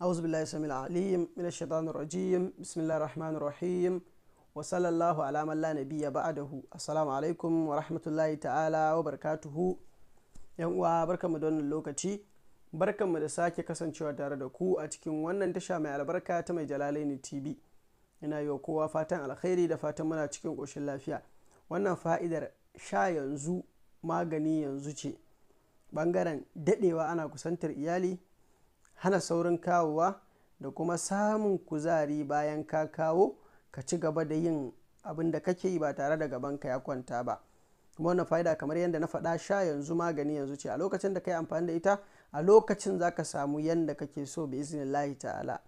أعوذ بالله السميع العليم من الشيطان الرجيم بسم الله الرحمن الرحيم وصلى الله على من لا نبي بعده السلام عليكم ورحمة الله تعالى وبركاته يوم وبركة مدون da بركة lokaci barkanmu شوى sake kasancewa tare da ku a cikin wannan tasha mai ina yi wa kowa fatan alkhairi da fatan muna cikin ƙoshin lafiya wannan fa'idar sha yanzu magani yanzu ce ɓangaren daɗewa ana kusantar iyali hana saurin kawowa da kuma samun kuzari bayan ka kawo ka ci gaba da yin abin da kake yi ba tare da gabanka ya kwanta ba kuma wannan fa'ida kamar yadda na faɗa sha yanzu magani yanzu ce a lokacin da ka yi amfani da ita a lokacin za ka samu yadda kake so bi iznillahi ta'ala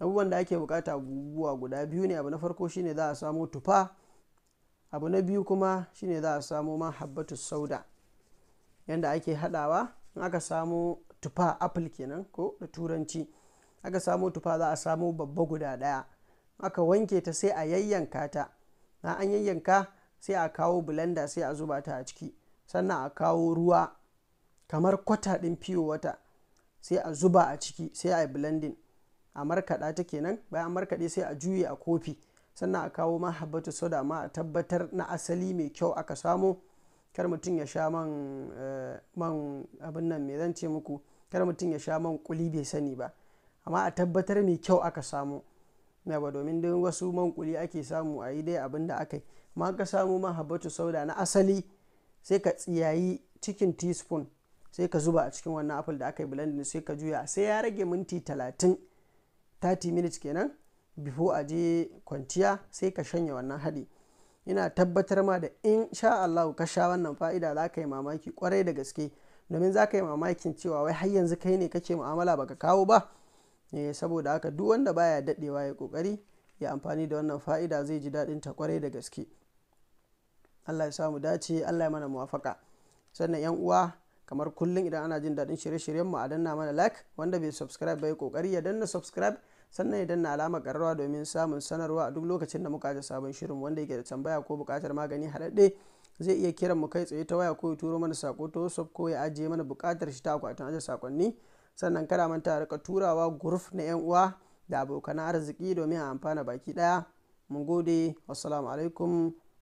abubuwan da ake bukata guguwa guda biyu ne abu na farko shine za a samo tufa abu na biyu kuma shine za a samo man sauda yadda ake haɗawa in aka samo tufa apple kenan ko da turanci aka samo tufa za a samo babba guda ɗaya aka wanke ta sai a yayyanka ta na an yayyanka sai a kawo blender sai a zuba ta a ciki sannan a kawo ruwa kamar kwata ɗin fiyo wata sai a zuba a ciki sai a yi blending a markaɗa ta kenan bayan markaɗe sai a juye a kofi sannan a kawo ma habbatu soda ma a tabbatar na asali mai kyau aka samo kar mutum ya sha man eh, abin nan me zance ce muku kar mutum ya sha man kuli bai sani ba amma a tabbatar mai kyau aka samu ba domin duk wasu man kuli ake samu a yi dai abin da aka yi ma ka samu man habatu sauda na asali sai ka tsiyayi cikin teaspoon sai ka zuba a cikin wannan apple da aka yi blending sai ka juya sai ya rage minti 30 30 minutes kenan before a je kwanciya sai ka shanya wannan hadi. ina tabbatar ma da in sha Allah ka sha wannan fa'ida za ka yi mamaki kwarai da gaske domin za ka yi mamakin cewa wai har yanzu kai ne kake mu'amala baka kawo ba eh, saboda haka duk wanda baya daɗewa ya ƙoƙari ya amfani da wannan fa'ida zai ji daɗin ta kwarai da gaske allah ya samu dace allah ya mana muwafaka sannan yan uwa kamar kullum idan ana jin daɗin shirye-shiryen mu a danna mana like wanda bai subscribe bai kokari ya danna subscribe sannan ya danna alama ƙararrawa domin samun sanarwa a duk lokacin da muka ji sabon shirin wanda yake da tambaya ko buƙatar magani haɗaɗɗe zai iya kiran mu kai tsaye ta waya ko ya turo mana sako ta whatsapp ko ya ajiye mana bukatar shi ta akwatin ajiye sakonni sannan kada manta rika turawa guruf na yan uwa da abokan arziki domin a amfana baki ɗaya mun gode wassalamu alaikum